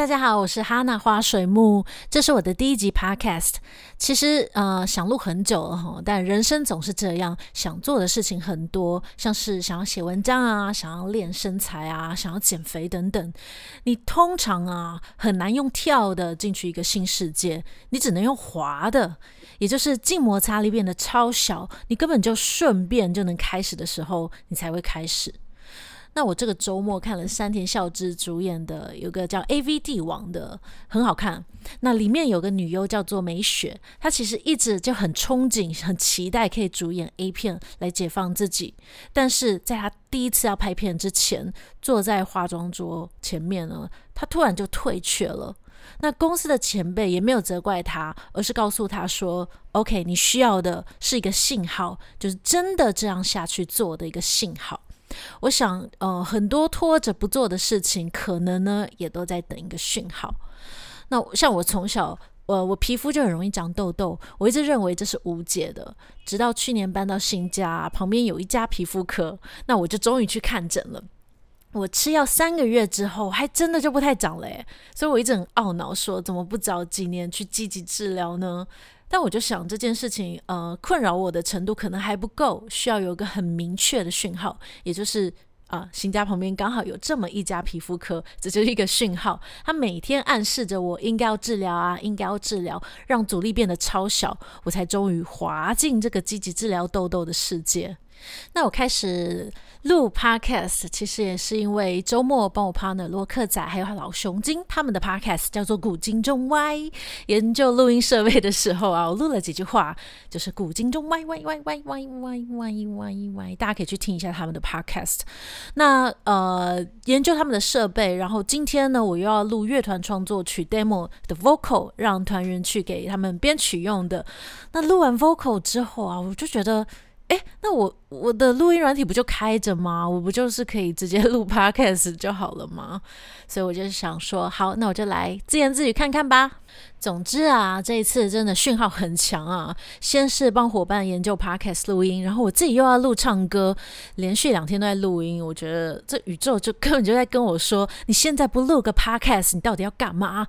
大家好，我是哈娜花水木，這是我的第一集 Podcast。其實呃想錄很久了哈，但人生總是這樣，想做的事情很多，像是想要寫文章啊，想要練身材啊，想要減肥等等。你通常啊很難用跳的進去一個新世界，你只能用滑的，也就是靜摩擦力變得超小，你根本就順便就能開始的時候，你才會開始。那我這個周末看了山田孝之主演的，有個叫《A V 帝王》的，很好看。那裡面有個女優叫做美雪，她其實一直就很憧憬、很期待可以主演 A 片來解放自己。但是在她第一次要拍片之前，坐在化妝桌前面呢，她突然就退卻了。那公司的前輩也沒有責怪她，而是告訴她說：“OK，你需要的是一個信號，就是真的這樣下去做的一個信號。”我想，呃，很多拖着不做的事情，可能呢也都在等一個訊號。那像我從小，呃，我皮膚就很容易長痘痘，我一直認為這是無解的，直到去年搬到新家，旁邊有一家皮膚科，那我就終於去看診了。我吃藥三個月之後，還真的就不太長了，所以我一直很懊惱說，說怎麼不早幾年去積極治療呢？但我就想這件事情，呃，困擾我的程度可能還不夠，需要有一個很明確的訊號，也就是啊、呃，新家旁邊剛好有這麼一家皮膚科，這就是一個訊號，他每天暗示着我應該要治療啊，應該要治療，讓阻力變得超小，我才終於滑進這個積極治療痘痘的世界。那我開始錄 podcast，其實也是因為周末幫我趴的洛克仔還有他老熊金他們的 podcast 叫做古今中外，研究錄音設備的時候啊，我錄了幾句話，就是古今中外，外外外外外外外外外，大家可以去聽一下他們的 podcast。那呃，研究他們的設備，然後今天呢，我又要錄樂團創作曲 demo 的 vocal，讓團員去給他們編曲用的。那錄完 vocal 之後啊，我就覺得。誒、欸，那我我的錄音軟體不就開着嗎？我不就是可以直接錄 podcast 就好了嗎？所以我就想說，好，那我就來自言自語看看吧。總之啊，這一次真的訊號很強啊！先是幫夥伴研究 podcast 錄音，然後我自己又要錄唱歌，連續兩天都在錄音。我覺得這宇宙就根本就在跟我說：你現在不錄個 podcast，你到底要幹嘛？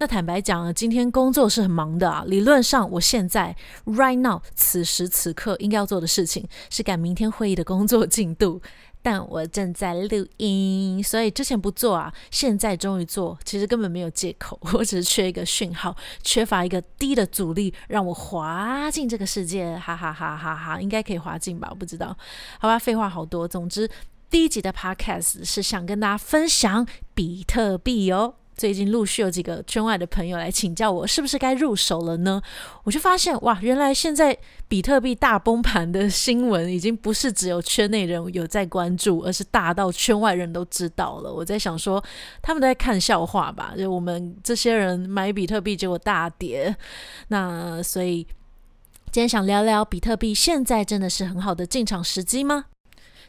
那坦白講，今天工作是很忙的啊。理論上，我現在 right now 此時此刻應該要做的事情是趕明天會議的工作進度，但我正在錄音，所以之前不做啊。現在終於做，其實根本沒有借口，我只是缺一個訊號，缺乏一個低的阻力，讓我滑進這個世界。哈哈哈哈哈，應該可以滑進吧？我不知道。好吧，廢話好多。總之，第一集的 podcast 是想跟大家分享比特幣哦。最近陸續有幾個圈外的朋友來請教我，是不是該入手了呢？我就發現哇，原來現在比特幣大崩盤的新聞已經不是只有圈內人有在關注，而是大到圈外人都知道了。我在想說，他們都在看笑話吧？就我們這些人買比特幣結果大跌，那所以今天想聊聊比特幣，現在真的是很好的進場時機嗎？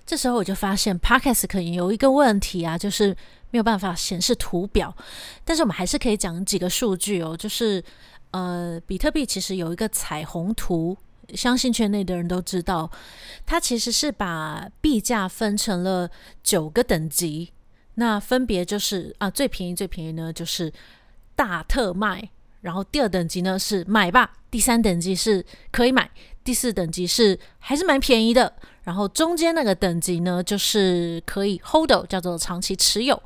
這時候我就發現 Podcast 可能有一個問題啊，就是。沒有辦法顯示圖表，但是我們還是可以講幾個數據哦。就是呃，比特幣其實有一個彩虹圖，相信圈內的人都知道，它其實是把幣價分成了九個等級，那分別就是啊，最便宜最便宜呢就是大特賣。然後第二等級呢是買吧，第三等級是可以買，第四等級是還是蠻便宜的。然後中間那個等級呢就是可以 hold，of，叫做長期持有。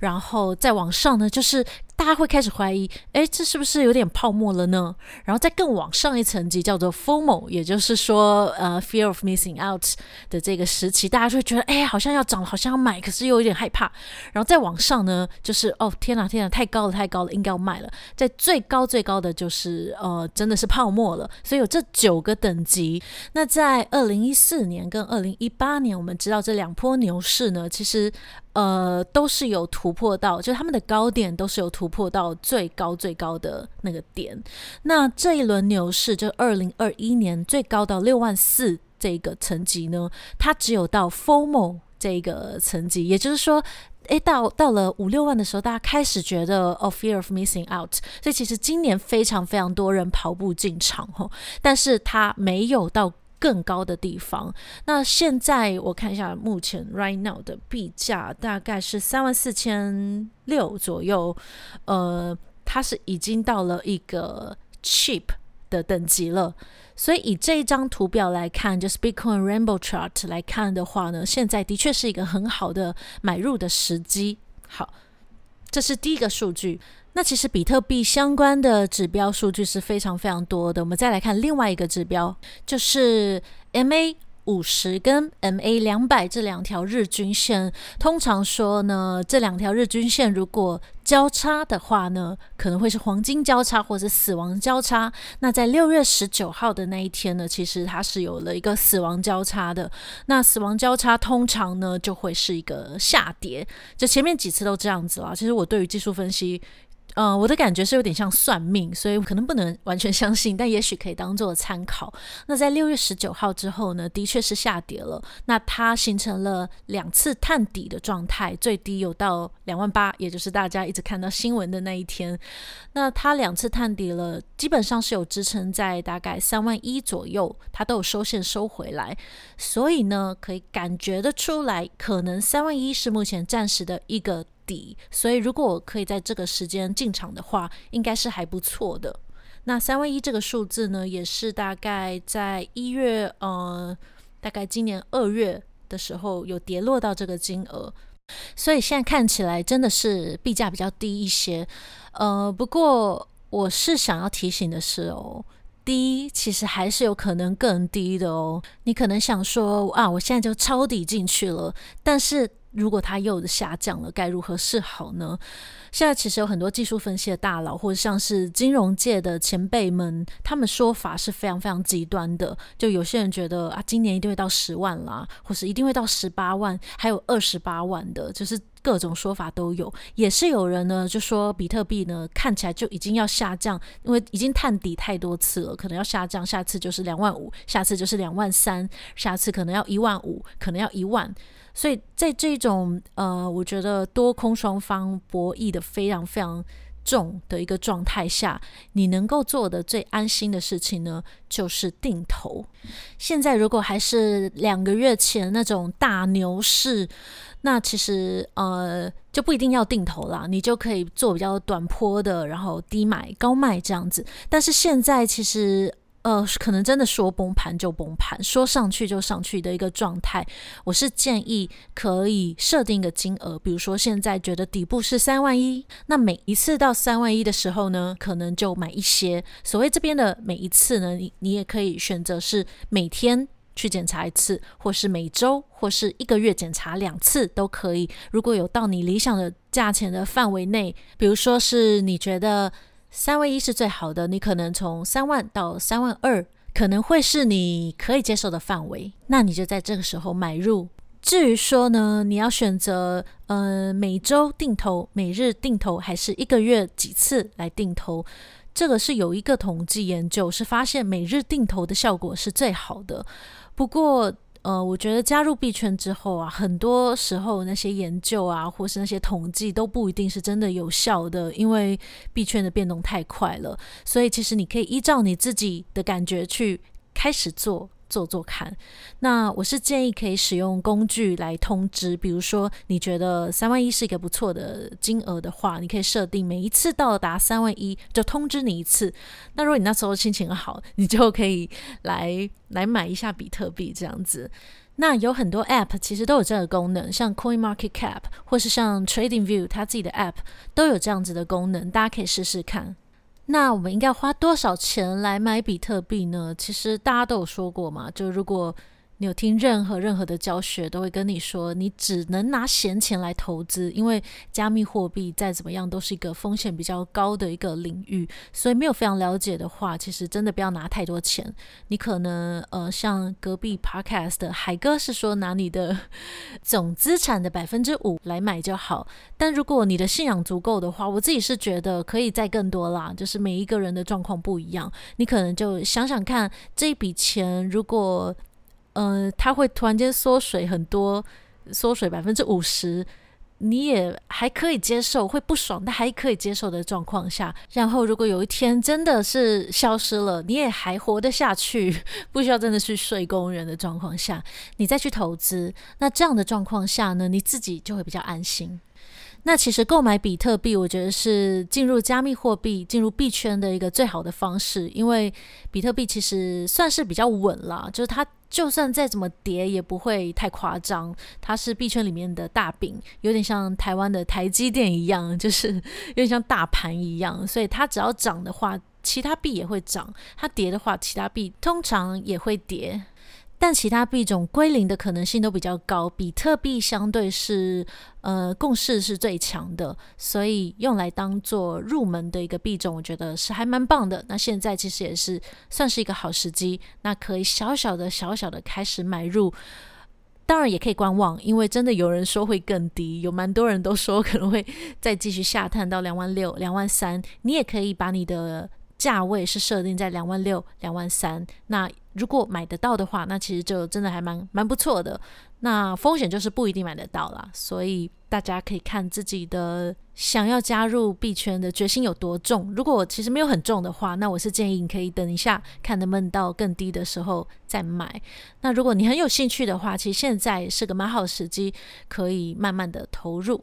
然後再往上呢就是。大家會開始懷疑，誒，這是不是有點泡沫了呢？然後再更往上一層級叫做 FOMO，也就是說，呃，Fear of Missing Out 的這個時期，大家就會覺得，誒，好像要漲了，好像要買，可是又有點害怕。然後再往上呢，就是，哦，天哪，天哪，太高了，太高了，應該要賣了。在最高最高的就是，呃，真的是泡沫了。所以有這九個等級。那在二零一四年跟二零一八年，我們知道這兩波牛市呢，其實。呃，都是有突破到，就是他們的高點都是有突破到最高最高的那個點。那這一輪牛市，就二零二一年最高到六萬四這個層級呢，它只有到 FOMO 這個層級，也就是說，誒、欸，到到了五六萬的時候，大家開始覺得 a、oh, fear of missing out，所以其實今年非常非常多人跑步進場吼，但是它沒有到。更高的地方。那現在我看一下，目前 right now 的幣價大概是三萬四千六左右，呃，它是已經到了一個 cheap 的等級了。所以以這一張圖表來看，就是 Bitcoin Rainbow Chart 來看的話呢，現在的確是一個很好的買入的時機。好。這是第一個數據。那其實比特幣相關的指標數據是非常非常多的。我們再來看另外一個指標，就是 MA。五十跟 MA 兩百這兩條日均線，通常說呢，這兩條日均線如果交叉的話呢，可能會是黃金交叉或者死亡交叉。那在六月十九號的那一天呢，其實它是有了一個死亡交叉的。那死亡交叉通常呢，就會是一個下跌，就前面幾次都這樣子啦。其實我對於技術分析。嗯，我的感覺是有點像算命，所以我可能不能完全相信，但也許可以當做參考。那在六月十九號之後呢，的確是下跌了。那它形成了兩次探底的狀態，最低有到兩萬八，也就是大家一直看到新聞的那一天。那它兩次探底了，基本上是有支撐在大概三萬一左右，它都有收線收回來。所以呢，可以感覺得出來，可能三萬一是目前暫時的一個。底，所以如果可以在這個時間進場的話，應該是還不錯的。那三萬一這個數字呢，也是大概在一月，嗯、呃，大概今年二月的時候有跌落到這個金額，所以現在看起來真的是幣價比較低一些。呃，不過我是想要提醒的是哦，低其實還是有可能更低的哦。你可能想說啊，我現在就抄底進去了，但是。如果它又下降了，該如何是好呢？現在其實有很多技術分析的大佬，或者像是金融界的前輩們，他們說法是非常非常極端的。就有些人覺得啊，今年一定會到十萬啦，或是一定會到十八萬，還有二十八萬的，就是各種說法都有。也是有人呢，就說比特幣呢，看起來就已經要下降，因為已經探底太多次了，可能要下降，下次就是兩萬五，下次就是兩萬三，下次可能要一萬五，可能要一萬。所以在這種呃，我覺得多空雙方博弈的非常非常重的一個狀態下，你能夠做的最安心的事情呢，就是定投。現在如果還是兩個月前那種大牛市，那其實呃就不一定要定投啦，你就可以做比較短波的，然後低買高賣這樣子。但是現在其實。呃，可能真的說崩盤就崩盤，說上去就上去的一個狀態。我是建議可以設定一個金額，比如說現在覺得底部是三萬一，那每一次到三萬一的時候呢，可能就買一些。所謂這邊的每一次呢，你你也可以選擇是每天去檢查一次，或是每週，或是一個月檢查兩次都可以。如果有到你理想的價錢的範圍內，比如說是你覺得。三萬一是最好的，你可能從三萬到三萬二，可能會是你可以接受的範圍，那你就在這個時候買入。至於說呢，你要選擇呃每週定投、每日定投還是一個月幾次來定投，這個是有一個統計研究是發現每日定投的效果是最好的。不過，呃，我覺得加入幣圈之後啊，很多時候那些研究啊，或是那些統計都不一定是真的有效的，因為幣圈的變動太快了，所以其實你可以依照你自己的感覺去開始做。做做看，那我是建議可以使用工具來通知，比如說你覺得三萬一是一個不錯的金額的話，你可以設定每一次到達三萬一就通知你一次。那如果你那時候心情好，你就可以來來買一下比特幣這樣子。那有很多 App 其實都有這個功能，像 Coin Market Cap 或是像 Trading View 它自己的 App 都有這樣子的功能，大家可以試試看。那我們應該花多少錢來買比特幣呢？其實大家都有說過嘛，就如果，你有聽任何任何的教學都會跟你說，你只能拿閒錢來投資，因為加密貨幣再怎麼樣都是一個風險比較高的一個領域，所以沒有非常了解的話，其實真的不要拿太多錢。你可能呃，像隔壁 Podcast 的海哥是說拿你的總資產的百分之五來買就好。但如果你的信仰足夠的話，我自己是覺得可以再更多啦。就是每一個人的狀況不一樣，你可能就想想看，這一筆錢如果。呃，它會突然間縮水很多，縮水百分之五十，你也還可以接受，會不爽，但還可以接受的狀況下。然後，如果有一天真的是消失了，你也還活得下去，不需要真的去睡工人的狀況下，你再去投資，那這樣的狀況下呢，你自己就會比較安心。那其實購買比特幣，我覺得是進入加密貨幣、進入幣圈的一個最好的方式，因為比特幣其實算是比較穩了，就是它。就算再怎麼跌，也不會太誇張。它是幣圈裡面的大餅，有點像台灣的台積電一樣，就是有點像大盤一樣。所以它只要漲的話，其他幣也會漲；它跌的話，其他幣通常也會跌。但其他幣種歸零的可能性都比較高，比特幣相對是呃共識是最強的，所以用來當做入門的一個幣種，我覺得是還蠻棒的。那現在其實也是算是一個好時機，那可以小小的小小的開始買入，當然也可以觀望，因為真的有人說會更低，有蠻多人都說可能會再繼續下探到兩萬六、兩萬三，你也可以把你的。價位是設定在兩萬六、兩萬三。那如果買得到的話，那其實就真的還蠻蠻不錯的。那風險就是不一定買得到啦，所以大家可以看自己的想要加入幣圈的決心有多重。如果其實沒有很重的話，那我是建議你可以等一下，看能不能到更低的時候再買。那如果你很有興趣的話，其實現在是個蠻好的時機，可以慢慢的投入。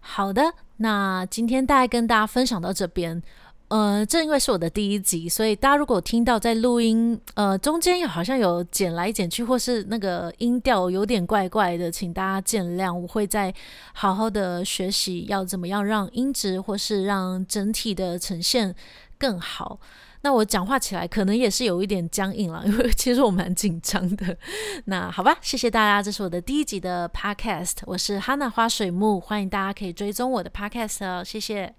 好的，那今天大概跟大家分享到這邊。呃，正因為是我的第一集，所以大家如果聽到在錄音，呃，中間又好像有剪來剪去，或是那個音調有點怪怪的，請大家見諒。我會再好好的學習要怎麼樣讓音質，或是讓整體的呈現更好。那我講話起來可能也是有一點僵硬了，因為其實我蠻緊張的。那好吧，謝謝大家，這是我的第一集的 Podcast，我是哈娜花水木，歡迎大家可以追蹤我的 Podcast 哦，謝謝。